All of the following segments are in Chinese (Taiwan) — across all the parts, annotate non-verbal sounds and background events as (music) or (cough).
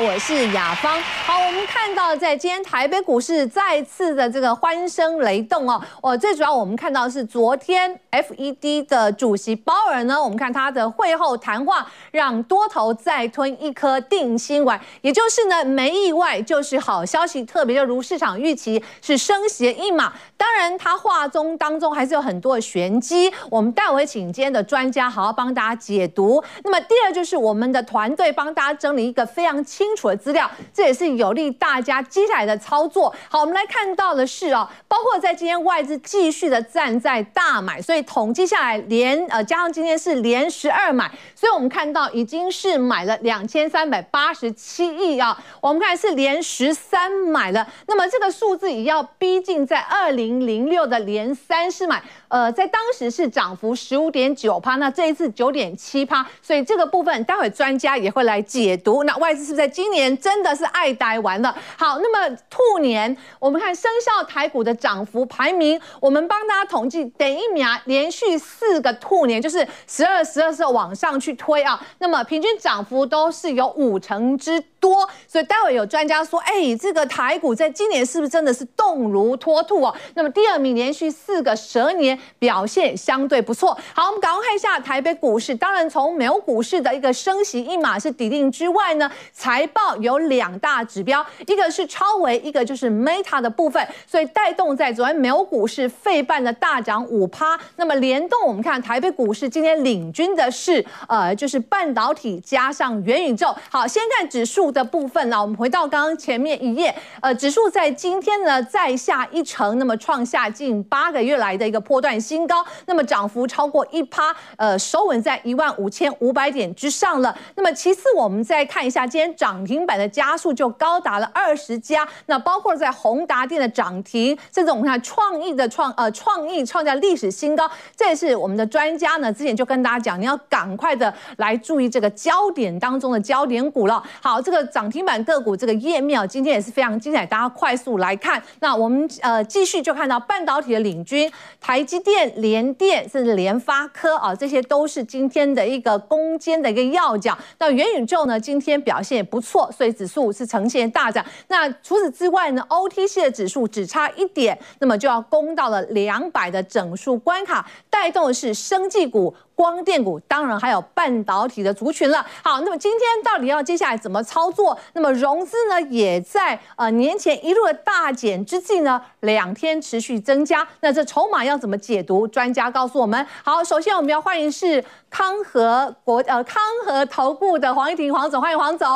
我是雅芳。好，我們看到在今天台北股市再次的這個歡聲雷動哦。我、哦、最主要我們看到是昨天 FED 的主席鮑爾呢，我們看他的會後談話，讓多頭再吞一顆定心丸，也就是呢沒意外就是好消息，特別就如市場預期是升息一碼。當然他話中當中還是有很多的玄機，我們待會請今天的專家好好幫大家解讀。那麼第二就是我們的團隊幫大家整理一個非常清。清楚的資料，這也是有利大家接下來的操作。好，我們來看到的是哦、喔，包括在今天外資繼續的站在大買，所以統計下來連呃加上今天是連十二買，所以我們看到已經是買了兩千三百八十七億啊。我們看是連十三買了，那麼這個數字也要逼近在二零零六的連三十買，呃，在當時是漲幅十五點九趴，那這一次九點七趴，所以這個部分待會專家也會來解讀。那外資是不是在。今年真的是愛呆完了。好，那麼兔年，我們看生肖台股的漲幅排名，我們幫大家統計。等一秒，連續四個兔年，就是十二、十二、十二往上去推啊。那麼平均漲幅都是有五成之多，所以待會有專家說，哎、欸，這個台股在今年是不是真的是動如脫兔啊、哦？那麼第二名連續四個蛇年表現相對不錯。好，我們趕快看一下台北股市。當然，從美股市的一個升息一碼是底定之外呢，財報有兩大指標，一個是超微，一個就是 Meta 的部分，所以帶動在昨天美股市費半的大漲五趴。那麼聯動，我們看台北股市今天領軍的是呃，就是半導體加上元宇宙。好，先看指數。的部分呢，我們回到剛剛前面一頁，呃，指數在今天呢再下一城，那麼創下近八個月來的一個波段新高，那麼漲幅超過一趴，呃，收穩在一萬五千五百點之上了。那麼其次，我們再看一下今天漲停板的家數就高達了二十家，那包括在宏達電的漲停，甚至我們看創意的創呃創意創下歷史新高，這也是我們的專家呢之前就跟大家講，你要趕快的來注意這個焦點當中的焦點股了。好，這個。漲停板個股這個頁面啊，今天也是非常精彩，大家快速來看。那我們呃繼續就看到半導體的領軍台積電、聯電，甚至聯發科啊、哦，這些都是今天的一個攻堅的一個要角。那元宇宙呢，今天表現也不錯，所以指數是呈現大漲。那除此之外呢，OTC 的指數只差一點，那麼就要攻到了兩百的整數關卡，帶動的是生技股。光電股當然還有半導體的族群了。好，那麼今天到底要接下來怎麼操作？那麼融資呢，也在呃年前一路的大減之際呢，兩天持續增加。那這籌碼要怎麼解讀？專家告訴我們。好，首先我們要歡迎是康和國呃康和投顧的黃詣庭黃總，歡迎黃總。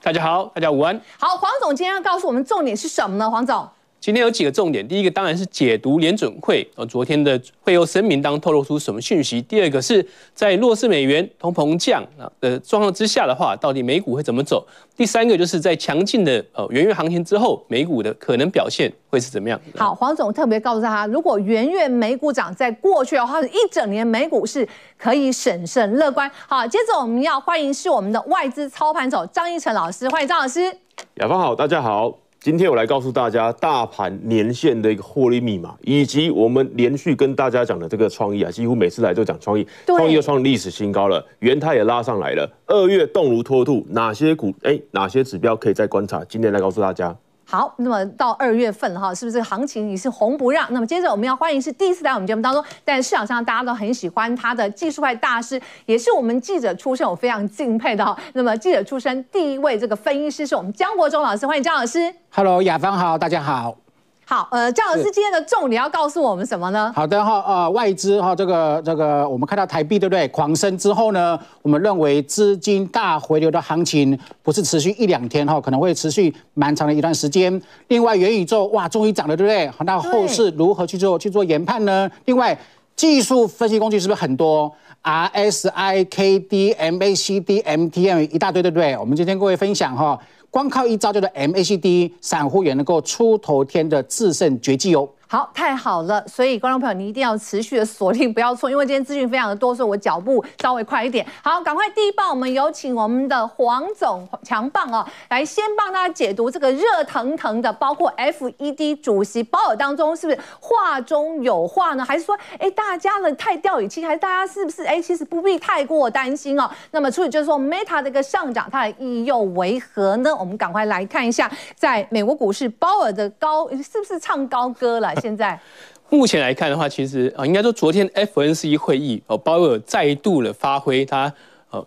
大家好，大家午安。好，黃總今天要告訴我們重點是什麼呢？黃總。今天有幾個重點，第一個當然是解讀聯準會呃，昨天的會後聲明當透露出什麼訊息？第二個是在弱勢美元、通膨降啊的狀況之下的話，到底美股會怎麼走？第三個就是在強勁的呃元月行情之後，美股的可能表現會是怎麼樣？好，黃總特別告訴大家，如果元月美股漲，在過去的話，一整年美股是可以審慎樂觀。好，接着我們要歡迎是我們的外資操盤手張貽程老師，歡迎張老師。雅芳好，大家好。今天我來告訴大家，大盤年線的一個獲利密碼，以及我們連續跟大家講的這個創意啊，幾乎每次來都講創意，創意又創歷史新高了，元太也拉上來了，二月動如脫兔，哪些股哎、欸，哪些指標可以再觀察？今天來告訴大家。好，那麼到二月份哈，是不是這個行情你是紅不讓？那麼接着我們要歡迎是第一次來我們節目當中，但是市場上大家都很喜歡他的技術派大師，也是我們記者出身，我非常敬佩的哈。那麼記者出身第一位這個分析師是我們江國忠老師，歡迎江老師。Hello，雅芳好，大家好。好，呃，張老師，今天的重點要告訴我們什麼呢？好的哈、哦，呃，外資哈、哦，這個這個，我們看到台幣對不對狂升之後呢，我們認為資金大回流的行情不是持續一兩天哈、哦，可能會持續蠻長的一段時間。另外，元宇宙哇，終於漲了，對不對？那後市如何去做對去做研判呢？另外，技術分析工具是不是很多？RSIKD MACD MTM 一大堆，對不對？我們今天各位分享哈，光靠一招就是 MACD，散戶也能夠出頭天的致勝絕技哦。好，太好了！所以觀眾朋友，你一定要持續的鎖定，不要錯，因為今天資訊非常的多，所以我腳步稍微快一點。好，趕快第一棒，我們有請我們的黃總強棒哦。來先幫大家解讀這個熱騰騰的，包括 FED 主席鮑爾當中，是不是話中有話呢？還是說，誒，大家呢太掉以輕心，還是大家是不是誒？其實不必太過擔心哦？那麼，所以就是說 Meta 這個上漲它的意義又為何呢？我們趕快來看一下，在美國股市，鮑爾的高是不是唱高歌了？現在，目前來看的話，其實啊，應該說昨天 FNC 會議哦，鮑爾再度的發揮他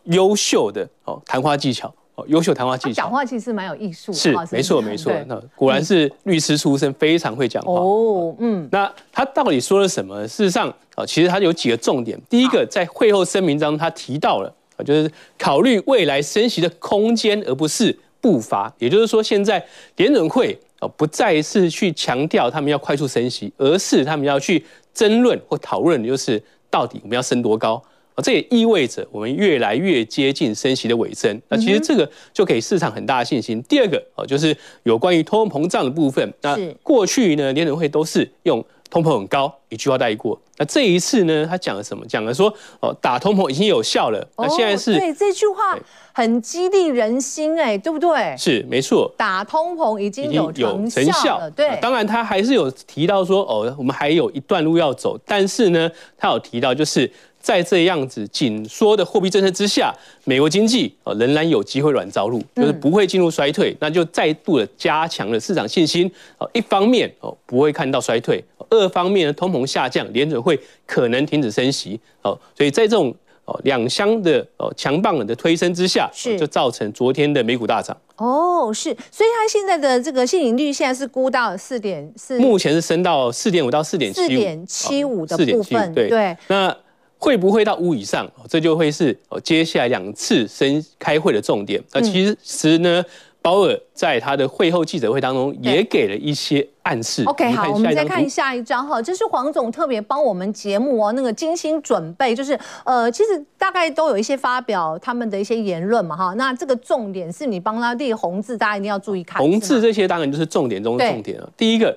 優秀的哦談話技巧哦，優秀談話技巧。講話其實蠻有藝術。是，是的沒錯沒錯，對那果然是律師出身，嗯、非常會講話哦。嗯，那他到底說了什麼？事實上啊，其實他有幾個重點。第一個，在會後聲明當中，他提到了啊，就是考慮未來升息的空間，而不是步伐。也就是說，現在聯準會。不再是去強調他們要快速升息，而是他們要去爭論或討論，就是到底我們要升多高啊！這也意味着我們越來越接近升息的尾聲。嗯、哼那其實這個就給市場很大的信心。第二個就是有關於通膨脹的部分。那過去呢，聯準是會都是用通膨很高一句話帶過。那這一次呢，他講了什麼？講了說哦，打通膨已經有效了。哦、那現在是對這句話。很激勵人心、欸，哎，對不對？是沒錯，打通膨已經有成效了。效了對、啊，當然他還是有提到說，哦，我們還有一段路要走。但是呢，他有提到就是在這樣子緊縮的貨幣政策之下，美國經濟哦仍然有機會軟着陸，就是不會進入衰退，嗯、那就再度的加強了市場信心。哦，一方面哦不會看到衰退，哦、二方面呢通膨下降，聯準會可能停止升息。哦，所以在這種。哦，兩箱的哦強棒的推升之下，是、哦、就造成昨天的美股大漲。哦，是，所以它現在的這個吸引率，現在是估到四點四，目前是升到四點五到四點七四點七五的部分。對對，對，那會不會到五以上、哦？這就會是接下來兩次升開會的重點。那、嗯、其實呢，鮑爾在他的會後記者會當中也給了一些暗示。OK，好,好，我們再看下一張哈、哦，這、就是黃總特別幫我們節目哦，那個精心準備，就是呃，其實大概都有一些發表他們的一些言論嘛哈、哦。那這個重點是你幫他列紅字，大家一定要注意看。哦、嗎紅字這些當然就是重點中的重點了、哦。對第一個。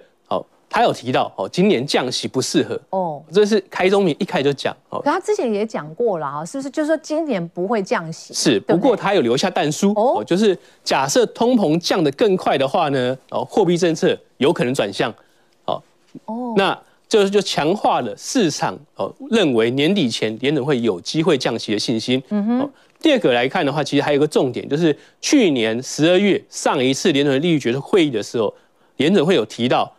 他有提到哦，今年降息不適合哦，oh, 這是開宗明義一開就講哦。可他之前也講過了是不是？就是說今年不會降息是，對不，對不過他有留下但書哦，oh? 就是假設通膨降得更快的話呢，哦，貨幣政策有可能轉向，哦，哦，那就是就強化了市場哦認為年底前聯準會有機會降息的信心。嗯哼、mm。Hmm. 第二個來看的話，其實還有一個重點，就是去年十二月上一次聯準利率決策會議的時候，聯準會有提到。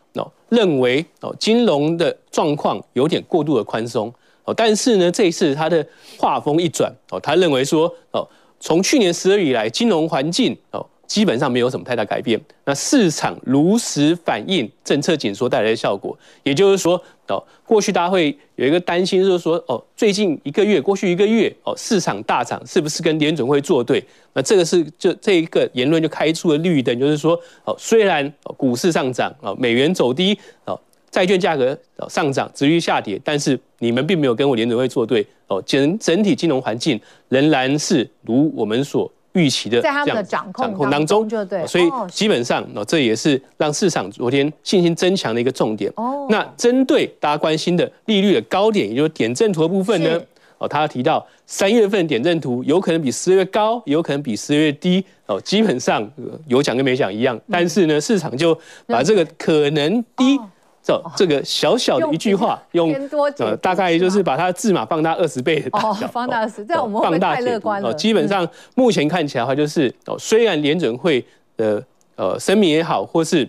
認為哦，金融的狀況有點過度的寬鬆哦，但是呢，這一次他的畫風一轉哦，他認為說哦，從去年十二月以來，金融環境哦基本上沒有什麼太大改變，那市場如實反映政策緊縮帶來的效果，也就是說。哦，過去大家會有一個擔心，就是說，哦，最近一個月，過去一個月，哦，市場大漲是不是跟聯準會作對？那這個是就這一個言論就開出了綠燈，就是說，哦，雖然股市上漲，啊、哦，美元走低，啊、哦，債券價格上漲，指數下跌，但是你們並沒有跟我聯準會作對，哦，整整體金融環境仍然是如我們所預期的這樣在他們的掌控當中，就對，所以基本上，那這也是讓市場昨天信心增強的一個重點。那針對大家關心的利率的高點，也就是點陣圖的部分呢？哦，他提到三月份點陣圖有可能比十月高，有可能比十月低。哦，基本上有講跟沒講一樣，但是呢，市場就把這個可能低。這這個小小的一句話，用呃大概就是把它的字碼放大二十倍的大小，哦、放大二十，這樣我們會太樂觀了。基本上目前看起來的話，就是哦，嗯、雖然聯準會的呃聲明也好，或是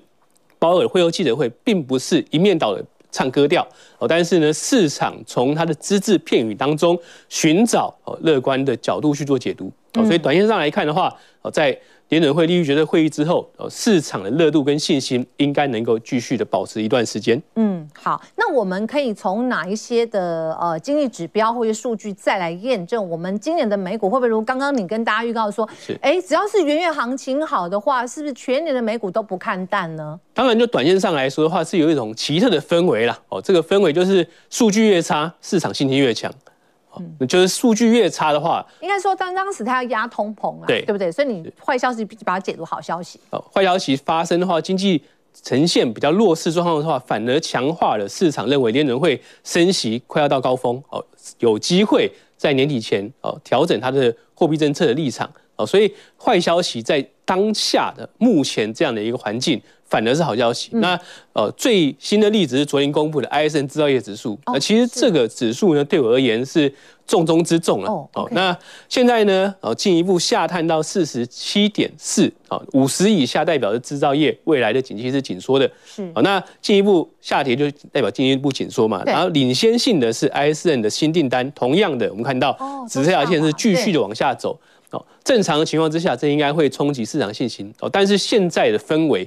鮑爾會後記者會，並不是一面倒的唱歌調，哦，但是呢，市場從它的隻字片語當中尋找樂觀的角度去做解讀，嗯、所以短線上來看的話，在。聯準會利率決議會議之後，哦，市場的熱度跟信心應該能夠繼續的保持一段時間。嗯，好，那我們可以從哪一些的呃經濟指標或者數據再來驗證，我們今年的美股會不會如剛剛你跟大家預告說，是，哎，只要是元月行情好的話，是不是全年的美股都不看淡呢？當然，就短線上來說的話，是有一種奇特的氛圍啦。哦，這個氛圍就是數據越差，市場信心越強。嗯， (noise) 就是數據越差的話，應該說當當時他要壓通膨啊，對，對不對？所以你壞消息把它解讀好消息。好，壞消息發生的話，經濟呈現比較弱勢狀況的話，反而強化了市場認為聯準會升息快要到高峰，哦，有機會在年底前哦調整它的貨幣政策的立場。所以壞消息在當下的目前這樣的一個環境反而是好消息。那呃最新的例子是昨天公布的 ISM 製造業指數。那其實這個指數呢對我而言是重中之重了。哦，好，那現在呢，哦進一步下探到四十七點四，啊五十以下代表的制造業未來的景氣是緊縮的。是，好，那進一步下跌就代表進一步緊縮嘛。然後領先性的是 ISM 的新訂單，同樣的我們看到紫色條線是繼續的往下走。正常的情況之下，這應該會衝擊市場信心哦。但是現在的氛圍，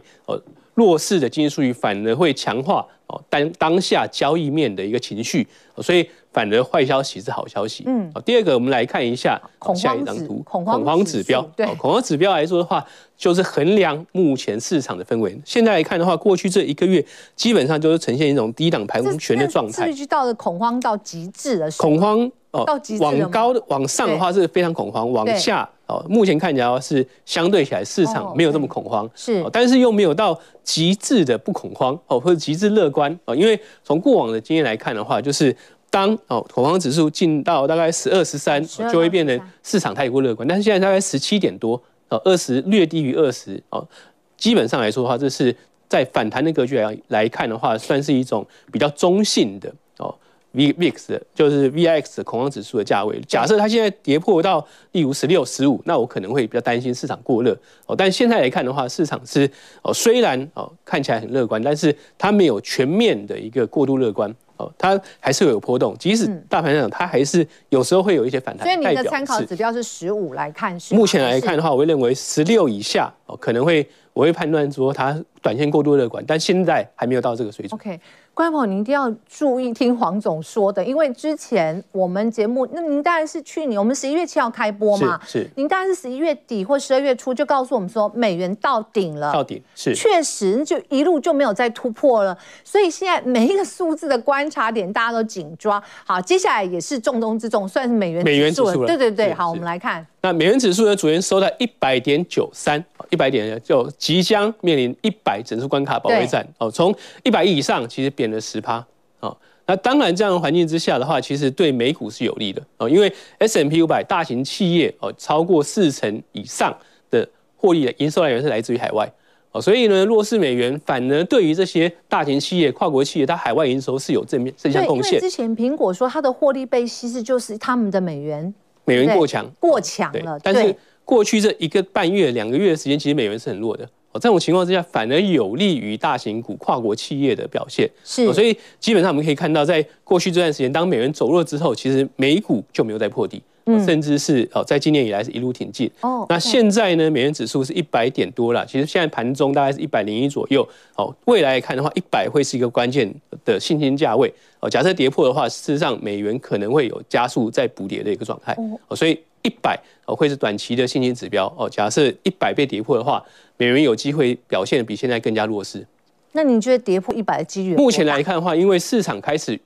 弱勢的經濟數據反而會強化哦當當下交易面的一個情緒，所以。反而壞消息是好消息。嗯，好第二個，我們來看一下下一張圖，恐慌指數、恐慌指、恐慌指標。對，恐慌指標來說的話，就是衡量目前市場的氛圍。現在來看的話，過去這一個月基本上就是呈現一種低檔排無權的狀態，一直到了恐慌到極致的時候，恐慌哦，呃、到極致的往高往上的話是非常恐慌，對往下哦、呃，目前看起來是相對起來市場沒有這麼恐慌，是、oh, okay. 呃，但是又沒有到極致的不恐慌哦、呃，或者極致樂觀哦、呃。因為從過往的經驗來看的話，就是。當哦恐慌指數進到大概十二十三，就會變成市場太過樂觀。但是現在大概十七點多，哦二十略低於二十，哦基本上來說的話，這是在反彈的格局來來看的話，算是一種比較中性的哦 VIX 的，就是 VIX 的恐慌指數的價位。假設它現在跌破到例如十六十五，那我可能會比較擔心市場過熱。哦，但現在來看的話，市場是哦雖然哦看起來很樂觀，但是它沒有全面的一個過度樂觀。它還是會有波動，即使大盤上它還是有時候會有一些反彈。所以您的參考指標是十五來看，是目前來看的話，我會認為十六以下哦，可能會我會判斷說它短線過度樂觀，但現在還沒有到這個水準。觀眾朋友，您一定要注意聽黃總說的，因為之前我們節目，那您當然是去年我們十一月七號開播嘛，是，是您當然是十一月底或十二月初就告訴我們說美元到頂了，到頂是，確實就一路就沒有再突破了，所以現在每一個數字的觀察點大家都緊抓。好，接下來也是重中之重，算是美元美元、指數，對對對，是好，我們來看，那美元指數的昨天收在一百點九三，一百點就即將面臨一百整數關卡保衛戰哦，從一百億以上其實。跌的十趴啊！那當然，這樣的環境之下的話，其實對美股是有利的啊、哦，因為 S&P 五百大型企業哦，超過四成以上的獲利營收來源是來自於海外哦。所以呢，弱勢美元反而對於這些大型企業、跨國企業，它海外營收是有正面正向貢獻。之前蘋果說它的獲利被稀釋，就是他們的美元美元過強對過強了。但是過去這一個半月、兩個月的時間，其實美元是很弱的。這種情況之下，反而有利於大型股、跨國企業的表現。是，所以基本上我們可以看到，在過去這段時間，當美元走弱之後，其實美股就沒有再破底，嗯，甚至是哦，在今年以來是一路挺進。哦，那現在呢，對美元指數是一百點多了，其實現在盤中大概是一百零一左右。哦，未來，來看的話，一百會是一個關鍵的信心價位。哦，假設跌破的話，事實上美元可能會有加速再補跌的一個狀態。哦，所以。一百哦，會是短期的信心指標哦。假設一百被跌破的話，美元有機會表現得比現在更加弱勢。那你覺得跌破一百的幾率？目前來看的話，因為市場開始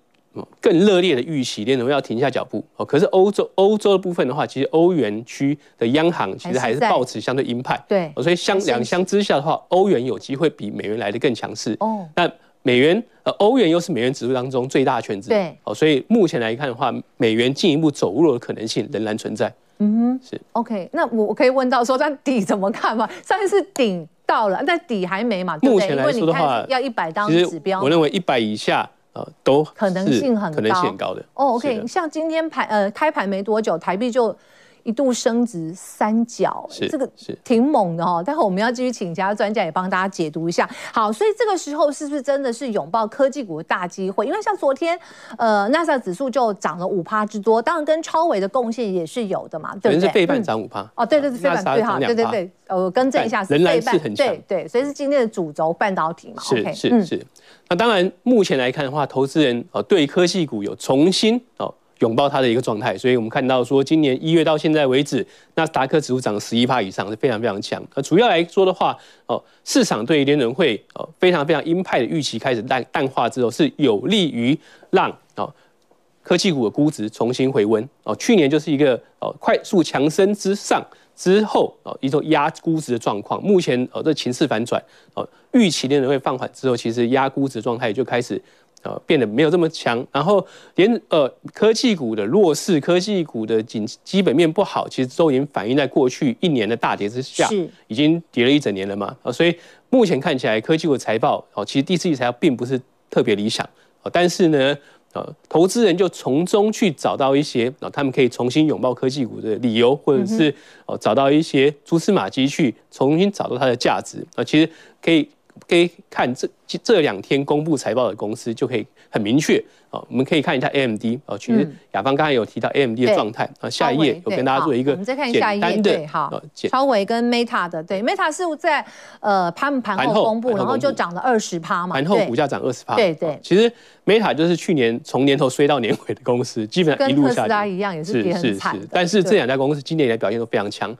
更熱烈的預期，聯準會要停下腳步哦。可是歐洲歐洲的部分的話，其實歐元區的央行其實還是抱持相對鷹派。對、哦，所以相是兩相之下的話，歐元有機會比美元來得更強勢。哦，那美元呃，歐元又是美元指數當中最大權重。對，哦，所以目前來看的話，美元進一步走弱的可能性仍然存在。嗯哼，是 OK，那我可以問到說，但底怎麼看嘛？上面是頂到了，但底還沒嘛？對不對？目前來說的話，因為你看要一百當指標，我認為一百以下呃都可能性很高，可能性很高的哦、oh，OK，的像今天排呃開盤沒多久，台幣就，一度升值三角，這個是挺猛的哦、喔。待會我們要繼續請其他專家也幫大家解讀一下。好，所以這個時候是不是真的是擁抱科技股的大機會？因為像昨天，呃，那斯達克指數就漲了五趴之多，當然跟超微的貢獻也是有的嘛，對不對，是費半漲五趴哦，對對是費半漲兩趴，對對對，呃，更正一下是費半很強，對對。所以是今天的主軸半導體嘛？是是是。那當然目前來看的話，投資人哦對科技股有重新哦。擁抱它的一個狀態，所以我們看到說，今年一月到現在為止，那斯達克指數漲了十一趴以上，是非常非常強。那主要來說的話，哦，市場對於聯儲會哦非常非常鷹派的預期開始淡淡化之後，是有利於讓哦科技股的估值重新回溫。哦，去年就是一個哦快速強升之上之後哦一種壓估值的狀況，目前哦這情勢反轉，哦預期聯儲會放緩之後，其實壓估值狀態就開始。呃，變得沒有這麼強，然後連呃科技股的弱勢，科技股的基基本面不好，其實都已經反映在過去一年的大跌之下，是已經跌了一整年了嘛。啊，所以目前看起來科技股的財報哦，其實第四季財報並不是特別理想。但是呢，呃，投資人就從中去找到一些，他們可以重新擁抱科技股的理由，或者是哦找到一些蛛絲馬跡去重新找到它的價值。啊，其實可以。可以看這這兩天公布財報的公司，就可以很明確。我們可以看一下 AMD。哦，其實雅芳剛才有提到 AMD 的狀態。啊、嗯，下一頁有跟大家做一個簡單。我們再看下一頁。對，超微跟 Meta 的，對，Meta 是在呃盤盤後公布，後後公布然後就漲了二十趴嘛。盤後股價漲二十趴。對對。其實 Meta 就是去年從年頭衰到年尾的公司，對基本上一路跟特斯拉一樣，也是跌很慘。是是是，但是這兩家公司今年以來表現都非常強。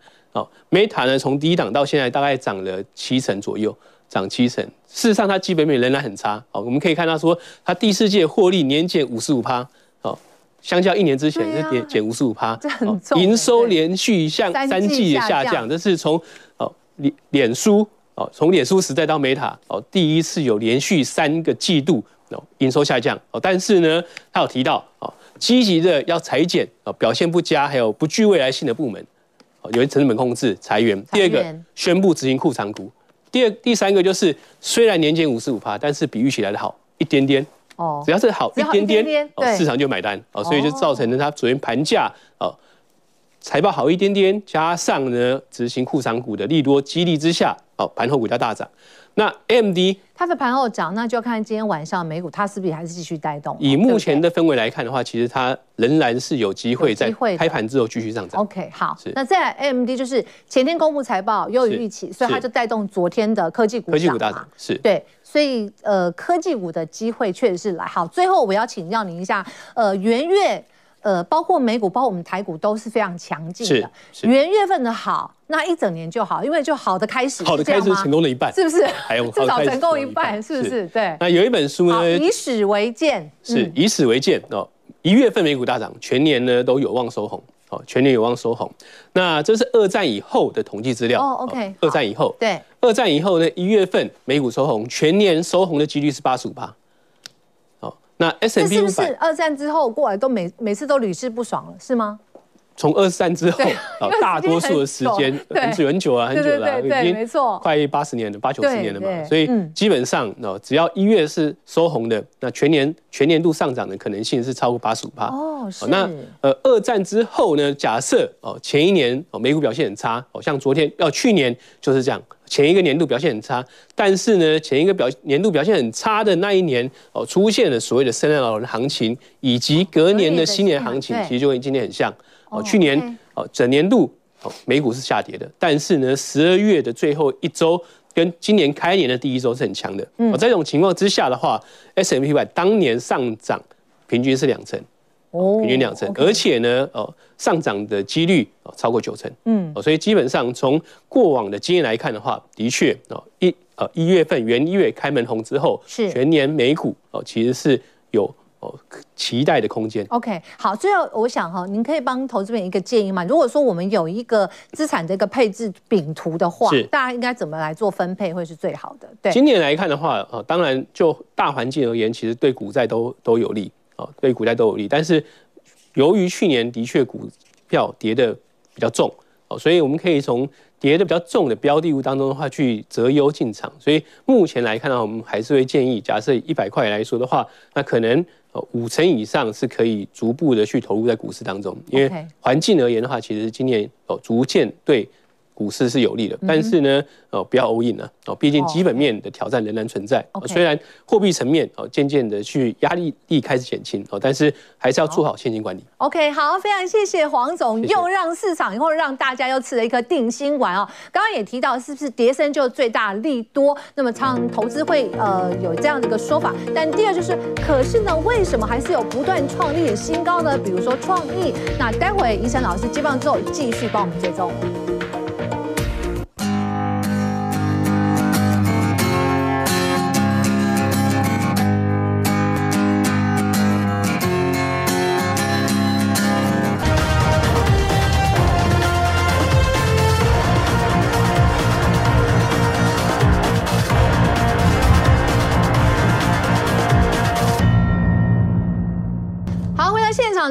Meta 呢，從第一檔到現在大概漲了七成左右。漲七成，事實上它基本面仍然很差哦。我們可以看到說，它第四季獲利年減五十五趴哦，相較一年之前是年減五十五趴，啊、這很重。營收連續向三季的下降，下降這是從哦臉臉書哦從臉書時代到 Meta 哦，第一次有連續三個季度哦營收下降哦。但是呢，它有提到哦積極的要裁減哦表現不佳還有不具未來性的部門哦，有些成本控制裁員。裁員第二個宣布執行庫藏股。第二、第三個就是，雖然年減五十五%，但是比預期來得好一點點。哦，只要是好一點點，哦，市場就買單。哦，所以就造成了它昨天盤價，哦。財報好一點點，加上呢執行庫藏股的利多激勵之下，哦，盤後股價大漲。那 AMD 它是盤後漲，那就要看今天晚上美股它是不是還是繼續帶動。以目前的氛圍來看的話，oh, okay. 其實它仍然是有機會在開盤之後繼續上漲。OK，好。是那再來 AMD 就是前天公布財報，優於預期，是所以它就帶動昨天的科技股，啊。科技股大漲。是。對。所以呃，科技股的機會確實是來好。最後我要請教您一下，呃，元月。呃，包括美股，包括我們台股，都是非常強勁的，是。是。元月份的好，那一整年就好，因為就好的開始。好的開始，成功了一半，是不是？還有、哎、呦 (laughs) 至少成功一半，是不 (laughs) 是？對。那有一本書呢，以史為鑑。嗯、是以史為鑑哦。一月份美股大漲，全年呢都有望收紅。哦，全年有望收紅。那這是二戰以後的統計資料。Oh, okay, 哦，OK。二戰以後，對。二戰以後呢，一月份美股收紅，全年收紅的幾率是八十五%。S 那 S&P 500, 是不是二戰之後過來都每每次都屢試不爽了，是嗎？從二戰之後，對，哦、大多數的時間很久很久啊，很久了、啊，對對對已經沒錯，快八十年了，對對對八九十年了嘛。對對對所以基本上哦，嗯、只要一月是收紅的，那全年全年度上漲的可能性是超過八十五趴哦。那呃，二戰之後呢？假設哦，前一年哦，美股表現很差哦，像昨天哦，去年就是這樣。前一個年度表現很差，但是呢，前一個表年度表現很差的那一年，哦，出現了所謂的聖誕老人行情，以及隔年的新年的行情，其實就跟今年很像。哦，去年哦，整年度哦，美股是下跌的，但是呢，十二月的最後一周跟今年開年的第一周是很強的。嗯、哦，在這種情況之下的話，S&P 當年上漲平均是兩成。平均兩成，哦 okay，而且呢，呃、哦，上漲的幾率呃、哦，超過九成，嗯、哦，所以基本上從過往的經驗來看的話，的確一呃一月份元月開門紅之後，是全年美股哦其實是有哦期待的空間。OK，好，最後我想哈，您可以幫投資人一個建議嗎？如果說我們有一個資產的一個配置餅圖的話，是大家應該怎麼來做分配會是最好的？對，今年來看的話，呃、哦，當然就大環境而言，其實對股債都都有利。哦，對，股債都有利，但是由於去年的確股票跌的比較重，哦，所以我們可以從跌的比較重的標的物當中的話去擇優進場。所以目前來看我們還是會建議，假設一百塊來說的話，那可能五成以上是可以逐步的去投入在股市當中，因為環境而言的話，其實今年哦逐漸對。股市是有利的，但是呢，嗯哦、不要歐印了。哦，畢竟基本面的挑戰仍然存在。哦 okay、雖然貨幣層面哦漸漸的去壓力力開始減輕哦，但是還是要做好現金管理。好 OK，好，非常謝謝黃總，謝謝又讓市場以後讓大家又吃了一顆定心丸哦。剛剛也提到，是不是跌深就最大利多？那麼長投資會呃有這樣的一個說法。但第二就是，可是呢，為什麼還是有不斷創立的新高呢？比如說創意，那待會貽程老師接棒之後繼續幫我們追蹤。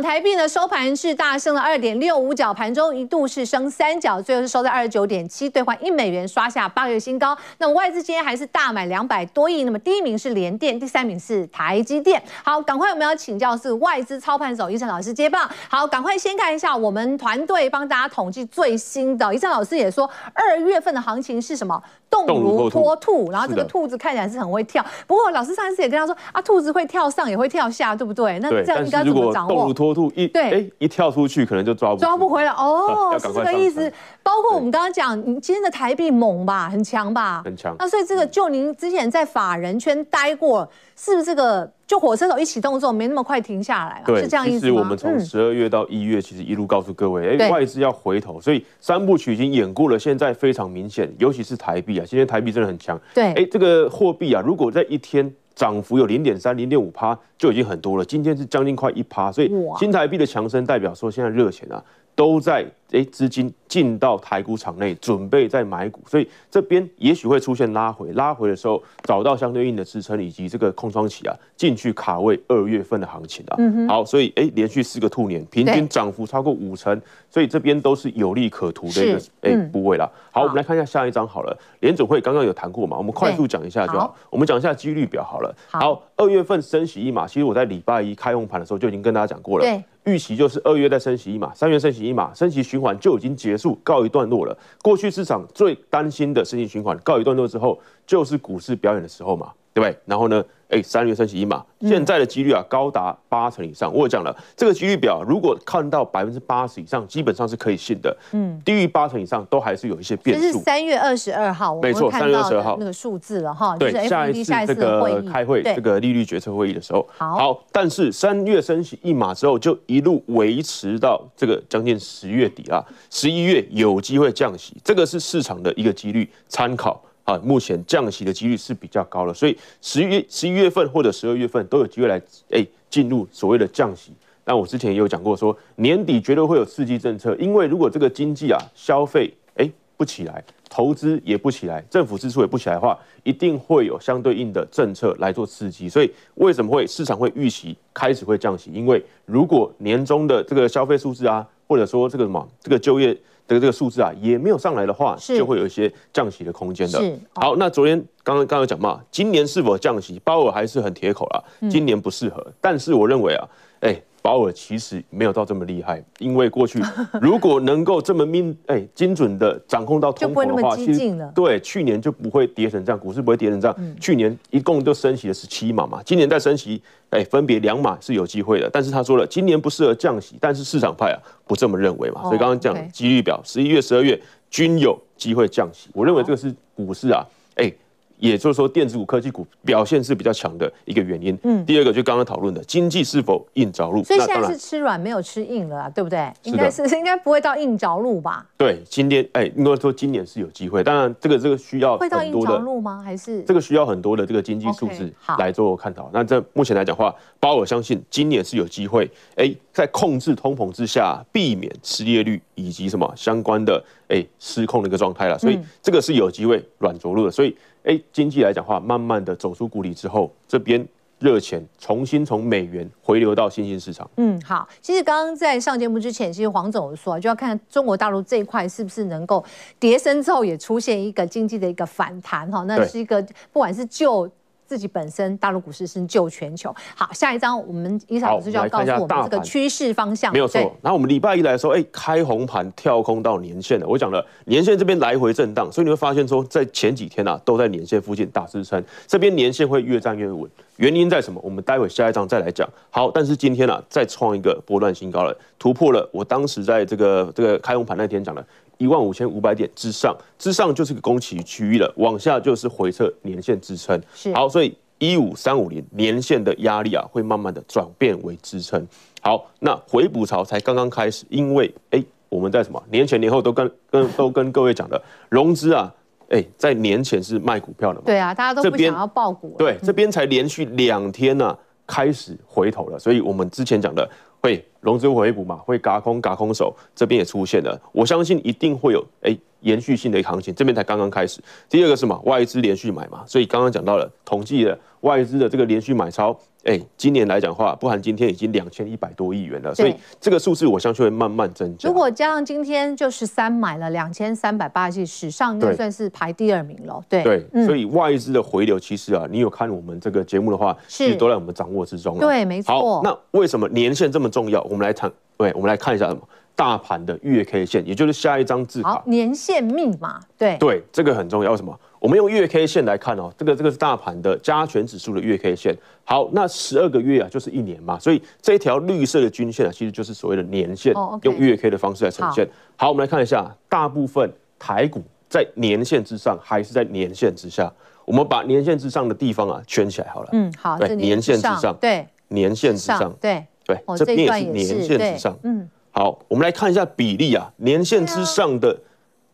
台幣的收盤是大升了二點六五角，盤中一度是升三角，最後是收在二十九點七，兌換一美元刷下八個月新高。那麼外資今天還是大買兩百多億，那麼第一名是聯電，第三名是台積電。好，趕快我們要請教是外資操盤手詣庭老師接棒。好，趕快先看一下我們團隊幫大家統計最新的。詣庭老師也說，二月份的行情是什麼？動如脫兔，脫兔然後這個兔子看起來是很會跳。的不過老師上一次也跟他說，啊，兔子會跳上也會跳下，對不對？那這樣應該怎麼掌握？對一，對，哎，一跳出去可能就抓不抓不回來哦，這、哦、個意思。包括我們剛剛講，對你今天的台幣猛吧，很強吧，很強強。那所以這個就您之前在法人圈待過，嗯、是不是這個就火車頭一啟動之後沒那麼快停下來了、啊？對是這樣意思。其實我們從十二月到一月，其實一路告訴各位，哎、嗯，外資、欸、要回頭，所以三部曲已經演過了，現在非常明顯，尤其是台幣啊，今天台幣真的很強。對，哎、欸，這個貨幣啊，如果在一天。漲幅有零點三、零點五趴就已經很多了，今天是將近快一趴，所以新台幣的強升代表說現在熱錢啊都在。資、欸、金進到台股場內，準備再買股，所以這邊也許會出現拉回，拉回的時候找到相對應的支撐，以及這個空窗期啊，進去卡位二月份的行情啊。嗯、哼好，所以哎、欸，連續四個兔年平均漲幅超過五成，對所以這邊都是有利可圖的一個哎是、欸、部位啦。嗯、好，我們來看一下下一張好了。聯準好會剛剛有談過嘛，我們快速講一下就好。好，我們講一下機率表好了。好，二月份升息一碼，其實我在禮拜一開紅盤的時候就已經跟大家講過了。預對期就是二月再升息一碼，三月升息一碼，升息循環。就已經結束，告一段落了。過去市場最擔心的升息循環告一段落之後，就是股市表演的時候嘛。對不對？然後呢？哎，三月升息一碼，現在的幾率啊，高達八成以上。嗯、我講了，這個幾率表，如果看到百分之八十以上，基本上是可以信的。嗯，低於八成以上，都還是有一些變數。嗯、這是三月二十二號，沒錯，三月二十二號那個數字了哈。對，下一次這個開會，會這個利率決策會議的時候，好，好。但是三月升息一碼之後，就一路維持到這個將近十月底啊，十一月有機會降息，這個是市場的一個幾率參考。啊，目前降息的幾率是比較高的，所以十一十一月份或者十二月份都有機會來誒進、欸、入所謂的降息。那我之前也有講過說，說年底絕對會有刺激政策，因為如果這個經濟啊消費誒、欸、不起來，投資也不起來，政府支出也不起來的話，一定會有相對應的政策來做刺激。所以為什麼會市場會預期開始會降息？因為如果年終的這個消費數字啊。或者說這個什麼這個就業的這個數字啊也沒有上來的話，就會有一些降息的空間的。好，那昨天剛剛剛有講嘛，今年是否降息，鮑爾還是很鐵口啊，今年不適合。但是我認為啊，哎。鮑爾其實沒有到這麼厲害，因為過去如果能夠這麼命 (laughs) 哎精準的掌控到通貨的話，就不會那麼激進了。對，去年就不會跌成這樣，股市不會跌成這樣。嗯、去年一共就升息了十七碼嘛，今年再升息，哎，分別兩碼是有機會的。但是他說了，今年不適合降息，但是市場派啊不這麼認為嘛。所以剛剛講幾率表，十一、oh, okay. 月、十二月均有機會降息。我認為這個是股市啊，oh. 哎。也就是說，電子股、科技股表現是比較強的一個原因。嗯，第二個就剛剛討論的經濟是否硬着陸，所以現在是吃軟沒有吃硬了，對不對？的應該是，應該不會到硬着陸吧？對，今年哎，應、欸、該說今年是有機會，當然這個這個需要會到硬着陸嗎？還是這個需要很多的這個經濟數字來做看到、okay, 好那在目前來講話，鮑爾相信今年是有機會，哎、欸，在控制通膨之下，避免失業率以及什麼相關的。哎、欸，失控的一個狀態了，所以這個是有機會軟着陸的。嗯、所以，哎、欸，經濟來講的話，慢慢的走出谷底之後，這邊熱錢重新從美元回流到新興市場。嗯，好，其實剛剛在上節目之前，其實黃總說，就要看中國大陸這一塊是不是能夠跌升之後也出現一個經濟的一個反彈哈，那是一個不管是就。自己本身大陸股市是救全球。好，下一張，我們貽程老師就要告訴我們這個趨勢方向。沒有錯。對然後我們禮拜一來說，哎、欸，開紅盤跳空到年線了，我講了年線這邊來回震盪，所以你會發現說在前幾天啊，都在年線附近打支撐，這邊年線會越站越穩。原因在什麼？我們待會下一張再來講。好，但是今天啊再創一個波段新高了，突破了我當時在這個這個開紅盤那天講的。一萬五千五百點之上，之上就是個攻取區域了，往下就是回撤年線支撐。是啊、好，所以一五三五零年線的壓力啊，會慢慢的轉變為支撐。好，那回補潮才剛剛開始，因為、欸、我們在什麼年前年後都跟跟都跟各位講的融資啊、欸，在年前是賣股票的嘛？對啊，大家都不想要抱股。對，這邊才連續兩天呢、啊，開始回頭了，所以我們之前講的。會融資回補嘛？會軋空、軋空手，這邊也出現了。我相信一定會有哎、欸、延續性的一個行情，這邊才剛剛開始。第二個是什麼，外資連續買嘛，所以剛剛講到了統計的。外資的這個連續買超，哎、欸，今年來講的話，不含今天已經兩千一百多億元了，對所以這個數字我相信會慢慢增加。如果加上今天就十三買了兩千三百八十七，對史上就算是排第二名了。對對，嗯、所以外資的回流其實啊，你有看我們這個節目的話，是都在我們掌握之中。對，沒錯。好，那為什麼年限這麼重要？我們來談，對，我們來看一下什麼？大盤的月 K 線，也就是下一張字卡，年限密碼。對對，這個很重要。為什麼？我們用月 K 線來看哦，這個這個是大盤的加權指數的月 K 線。好，那十二個月啊，就是一年嘛，所以這條綠色的均線啊，其實就是所謂的年線，用月 K 的方式來呈現。好，我們來看一下，大部分台股在年線之上還是在年線之下？我們把年線之上的地方啊圈起來好了。嗯，好，年線之上，對，年線之上，對，對，這邊也是年線之上，嗯，好，我們來看一下比例啊，年線之上的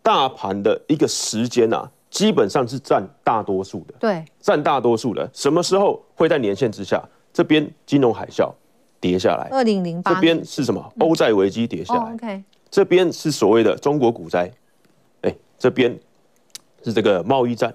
大盤的一個時間啊。基本上是佔大多數的，對，佔大多數的。什麼時候會在年線之下？這邊金融海嘯跌下來，二零零八。這邊是什麼？歐債、嗯、危機跌下來。哦、OK。這邊是所謂的中國股災，哎，這邊是這個貿易戰，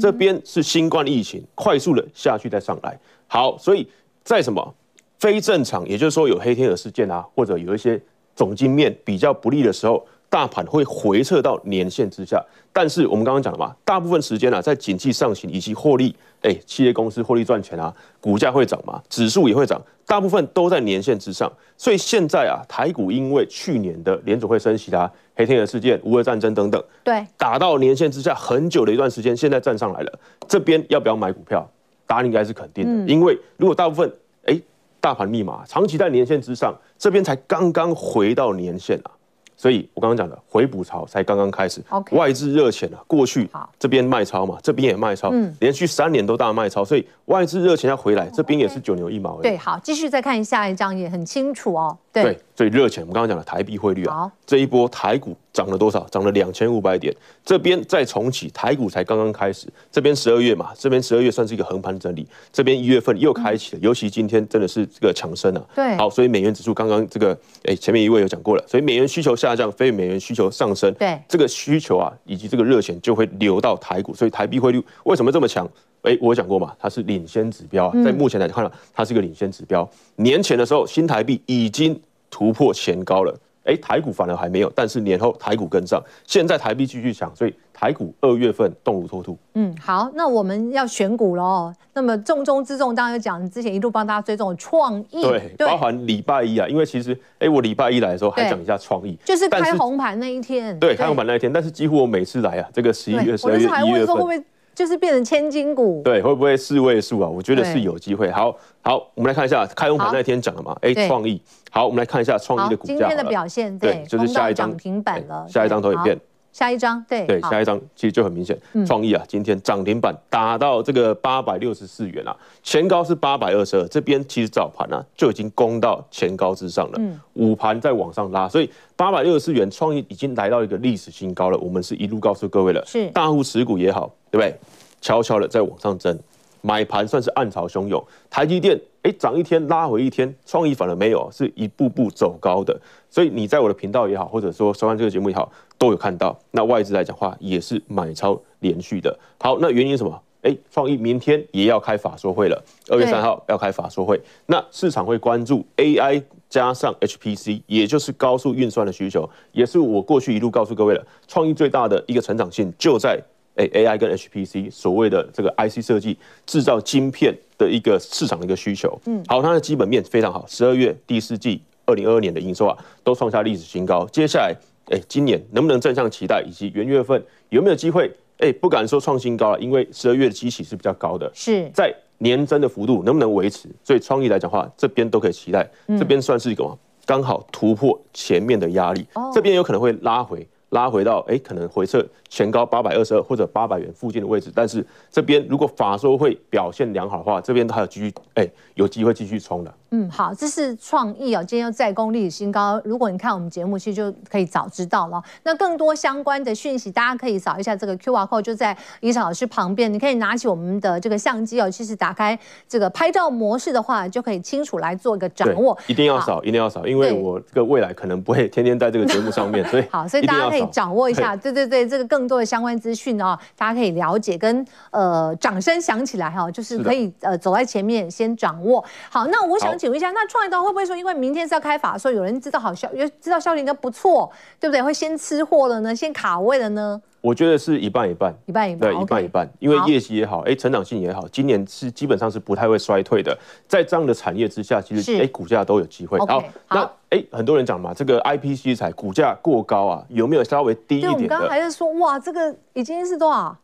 這邊是新冠疫情、嗯、哼快速的下去再上來。好，所以在什麼非正常，也就是說有黑天鵝事件啊，或者有一些總經面比較不利的時候。大盤會回撤到年線之下，但是我們剛剛講了嘛，大部分時間啊，在景氣上行以及獲利，哎、欸，企業公司獲利賺錢啊，股價會漲嘛，指數也會漲，大部分都在年線之上。所以現在啊，台股因為去年的聯準會升息啊，黑天鵝事件、俄烏戰爭等等，對，打到年線之下很久的一段時間，現在站上來了。這邊要不要買股票？答案應該是肯定的，因為如果大部分哎、欸、大盤密碼啊，長期在年線之上，這邊才剛剛回到年線啊。所以我剛剛講，我剛剛講的回補潮才剛剛開始。O Okay K，外資熱錢了。過去這邊賣超嘛，好這邊也賣超，嗯、連續三年都大賣超，所以外資熱錢要回來，Okay 這邊也是九牛一毛而已。對，好，繼續再看下一張，也很清楚哦。對，所以熱錢，我們剛剛講了台幣匯率啊，好這一波台股漲了多少？漲了兩千五百點。這邊再重啟，台股才剛剛開始。這邊十二月嘛，這邊十二月算是一個橫盤整理。這邊一月份又開啟了，嗯、尤其今天真的是這個強升啊。對，好，所以美元指數剛剛這個，哎、欸，前面一位有講過了，所以美元需求下降，非美元需求上升。對，這個需求啊，以及這個熱錢就會流到台股，所以台幣匯率為什麼這麼強？哎、欸，我有講過嘛，它是領先指標啊，在目前來看、啊嗯、它是一個領先指標。年前的時候，新台幣已經。突破前高了，哎、欸，台股反而還沒有，但是年後台股跟上，現在台幣繼續強，所以台股二月份動如脫兔。嗯，好，那我們要選股嘍。那麼重中之重，當然要講之前一路幫大家追蹤創意，對，對包含禮拜一啊，因為其實哎、欸，我禮拜一來的時候還講一下創意，就是開紅盤那一天，是對，開紅盤那，對那一天，但是幾乎我每次來啊，這個十一月、十二月、一月份。會就是變成千金股，對，會不會四位數啊？我覺得是有機會。對好好，我們來看一下開紅盤那天講了嘛？哎，創意。好，我們來看一下創意的股價。今天的表現，對，對就是下一張漲停板了。下一張投影片。下一張，對對，好下一張其實就很明顯，嗯、創意啊，今天漲停板打到這個八百六十四元啊，前高是八百二十二，這邊其實早盤呢就已經攻到前高之上了，嗯、午盤再往上拉，所以八百六十四元創意已經來到一個歷史新高了。我們是一路告訴各位了，是大戶持股也好，對不對？悄悄的在往上增，買盤算是暗潮洶湧。台積電哎，漲、欸、一天拉回一天，創意反而沒有，是一步步走高的。所以你在我的頻道也好，或者說收看這個節目也好。都有看到，那外資來講話也是買超連續的。好，那原因是什麼？哎、欸，創意明天也要開法說會了，二月三號要開法說會，欸、那市場會關注 AI 加上 HPC，也就是高速運算的需求，也是我過去一路告訴各位了，創意最大的一個成長性就在哎、欸、AI 跟 HPC，所謂的這個 IC 設計制造晶片的一個市場的一個需求。嗯，好，它的基本面非常好，十二月第四季二零二二年的營收啊，都創下歷史新高，接下來。哎，今年能不能正向期待，以及元月份有沒有機會？哎，不敢說創新高了，因為十二月的基期是比較高的，是，在年增的幅度能不能維持？所以創意來講的話，這邊都可以期待，這邊算是一個剛好突破前面的壓力，嗯、這邊有可能會拉回，拉回到哎，可能回測前高八百二十二或者八百元附近的位置。但是這邊如果法說會表現良好的話，這邊它有繼續誒有機會繼續衝的。嗯，好，這是創意哦，今天又再攻歷史新高。如果你看我們節目，其實就可以早知道了。那更多相關的訊息，大家可以掃一下這個 QR code，就在貽程老師旁邊。你可以拿起我們的這個相機哦，其實打開這個拍照模式的話，就可以清楚來做一個掌握。一定要掃，一定要掃，因為我這個未來可能不會天天在這個節目上面， (laughs) 所以 (laughs) 好，所以大家可以掌握一下。一對，對對對，這個更多的相關資訊哦，以大家可以了解。跟呃，漲升響起來哈、哦，就是可以是的呃走在前面先掌握。好，那我想。請問一下，那創業板會不會說，因為明天是要開法，所以有人知道好銷，因為知道銷量不錯，對不對？會先吃貨了呢，先卡位了呢？我覺得是一半一半，一半一半，對 okay, 一半一半，因為業績也好，哎好、欸，成長性也好，今年是基本上是不太會衰退的。在這樣的產業之下，其實哎是、欸，股價都有機會。Okay, 然後好，那哎、欸，很多人講嘛，這個 I P C 才股價過高啊，有沒有稍微低一點的？我們剛剛還在說，哇，這個已經是多少？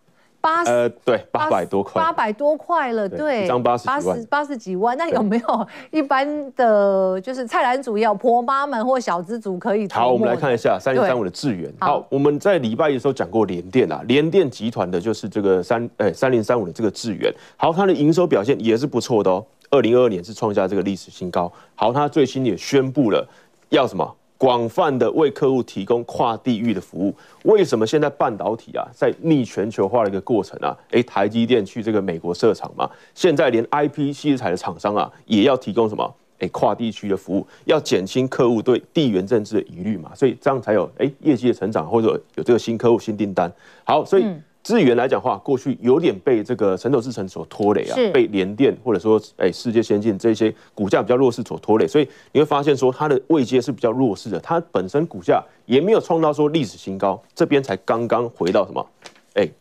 八十呃對，八百多塊八百多塊了，塊了對，對一張八十八十八十幾萬，那有沒有一般的，就是菜籃組也有婆媽們或小資組可以？好，我們來看一下三零三五的智原。好，好，我們在禮拜一的時候講過聯電啦，聯電集團的就是這個三哎三零三五的這個智原，好，它的營收表現也是不錯的哦、喔，二零二二年是創下這個歷史新高。好，它最新也宣布了要什麼？廣泛的為客戶提供跨地域的服務，為什麼現在半導體啊在逆全球化的一個過程啊？哎、欸，台積電去這個美國設廠嘛，現在連 IP 矽智財的廠商啊也要提供什麼？哎、欸，跨地區的服務，要減輕客戶對地緣政治的疑慮嘛，所以這樣才有哎、欸、業績的成長，或者有這個新客戶新訂單。好，所以。嗯智原來講話，過去有點被這個成熟製程所拖累啊，是被聯電或者說哎、欸、世界先進這些股價比較弱勢所拖累，所以你會發現說它的位階是比較弱勢的，它本身股價也沒有創造說歷史新高，這邊才剛剛回到什麼，哎、欸，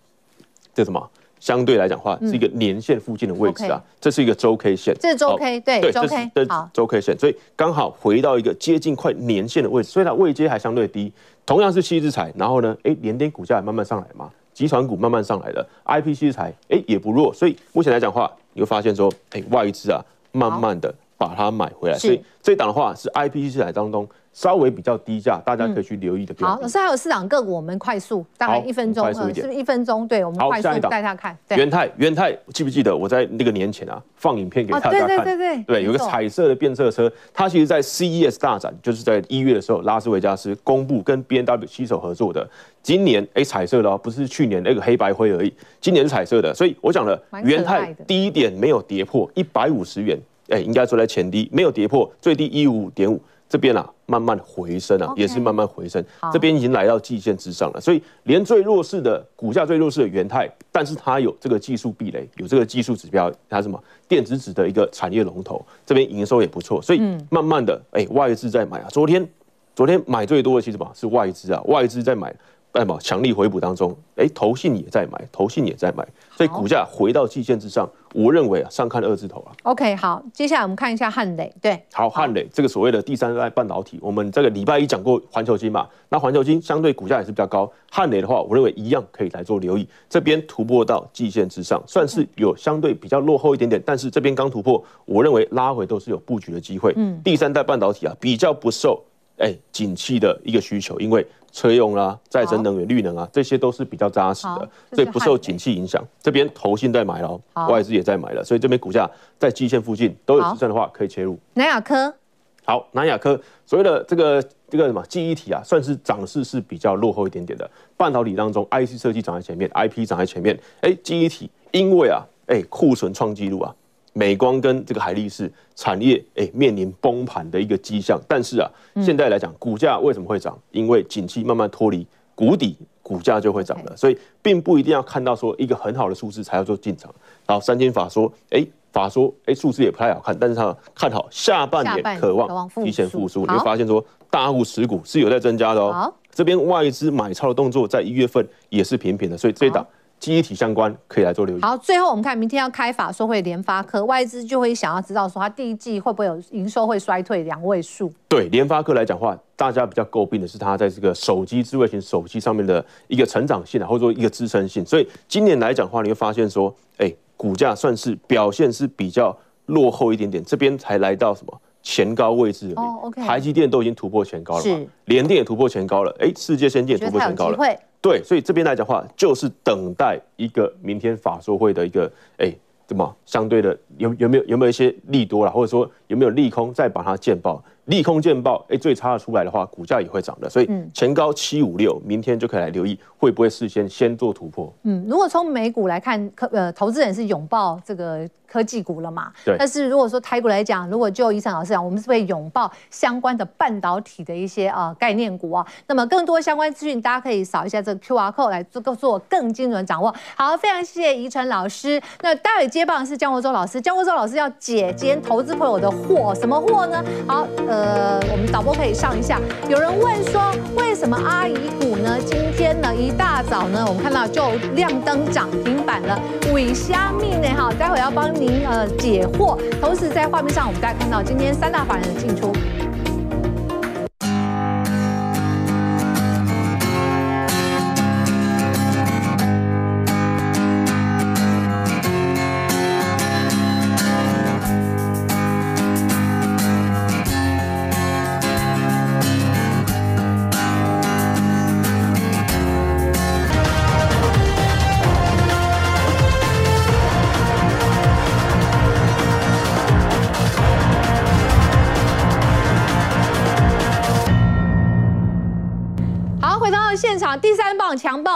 這什麼相對來講話、嗯、是一個年線附近的位置啊，嗯 okay、這是一個周 K 線，這是周 K 對好對 K 的周 K 線，所以剛好回到一個接近快年線的位置，所以它位階還相對低，同樣是矽智財，然後呢，哎、欸，聯電股價也慢慢上來嘛。集團股慢慢上來了，I P C 才哎、欸、也不弱，所以目前來講的話，你會發現說，哎、欸、外資啊，慢慢的。把它買回來，所以這檔的話是 I P C 市場當中稍微比較低價，大家可以去留意的、嗯。好，老師還有四檔個股，我們快速大概一分鐘、呃，是不是一分鐘？對，我們快速帶他看。對元太，元太，記不記得我在那個年前啊放影片給大家看？哦、對對對,對，對，對，對，對有個彩色的變色車，錯它其實在 C E S 大展，就是在一月的時候，拉斯維加斯公布跟 B M W 攜手合作的。今年哎、欸，彩色的、喔，不是去年那、欸、個黑白灰而已，今年是彩色的。所以我講了，元太第一點沒有跌破一百五十元。哎、應應該說，在前低沒有跌破最低一五五點五，這邊啊慢慢回升啊，okay，也是慢慢回升，好這邊已經來到季線之上了。所以連最弱勢的股價最弱勢的元太，但是它有這個技術壁壘，有這個技術指標，它是什麼電子紙的一個產業龍頭，這邊營收也不錯，所以慢慢的、嗯、哎外資在買啊，昨天昨天買最多的其實什麼是外資啊，外資在買。哎，麼強力回補當中，哎、欸，投信也在買，投信也在買，好所以股價回到季線之上，我認為啊，上看二字頭啊。OK，好，接下來我們看一下漢磊，對，好，漢磊這個所謂的第三代半導體，好我們這個禮拜一講過環球晶嘛，那環球晶相對股價也是比較高，漢磊的話，我認為一樣可以來做留意，這邊突破到季線之上，算是有相對比較落後一點點，嗯、但是這邊剛突破，我認為拉回都是有布局的機會。嗯，第三代半導體啊，比較不受。哎、欸，景氣的一個需求，因為車用啦、啊、再生能源、好綠能啊，這些都是比較扎實的，的所以不受景氣影響。這邊投信在買哦、喔，好外資也在買了，所以這邊股價在基線附近都有支撐的話，可以切入。南亞科，好，南亞科，南亞科所謂的這個這個什麼記憶體啊，算是漲勢是比較落後一點點的。半導體當中，IC 設計漲在前面，IP 漲在前面。哎、欸，記憶體因為啊，哎、欸、庫存創紀錄啊。美光跟這個海力士產業，哎、欸，面臨崩盤的一個跡象。但是啊，現在來講，股價為什麼會漲？因為景氣慢慢脫離谷底，股價就會漲了。Okay. 所以並不一定要看到說一個很好的數字才要做進場。然後三金法說，哎、欸，法說，哎、欸，數字也不太好看，但是他，啊、看好下半年渴望提前復甦。復你會發現說，大戶持股是有在增加的哦。好這邊外資買超的動作在一月份也是頻頻的，所以這一檔。記憶體相關可以來做留意。好，最後我們看明天要開法說會，聯發科外資就會想要知道說它第一季會不會有營收會衰退兩位數？對，聯發科來講話，大家比較詬病的是它在這個手機智慧型手機上面的一個成長性啊，或者說一個支撐性。所以今年來講話，你會發現說，哎、欸，股價算是表現是比較落後一點點，這邊才來到什麼前高位置。哦、oh,，OK。台積電都已經突破前高了嘛，是。聯電也突破前高了，哎、欸，世界先進也突破前高了。對，所以這邊來講話，就是等待一個明天法說會的一個，哎、欸，怎麼相對的有有沒有有沒有一些利多了，或者說有沒有利空，再把它見報。利空見報，哎、欸，最差的出來的話，股價也會漲的，所以前高七五六，明天就可以來留意，會不會事先先做突破。嗯，如果從美股來看，科呃，投資人是擁抱這個科技股了嘛？對但是如果說台股來講，如果就貽程老師講、啊，我們是被擁抱相關的半導體的一些啊、呃、概念股啊，那麼更多相關資訊，大家可以掃一下這個 QR code 來做更精準掌握。好，非常謝謝貽程老師。那待會接棒的是江國中老師，江國中老師要解今投資朋友的貨，什麼貨呢？好。呃呃，我們導播可以上一下。有人問說，為什麼阿姨股呢？今天呢，一大早呢，我們看到就亮燈漲停板了。尾蝦米呢？哈，待會兒要幫您呃解惑。同時在畫面上，我們大家看到今天三大法人的進出。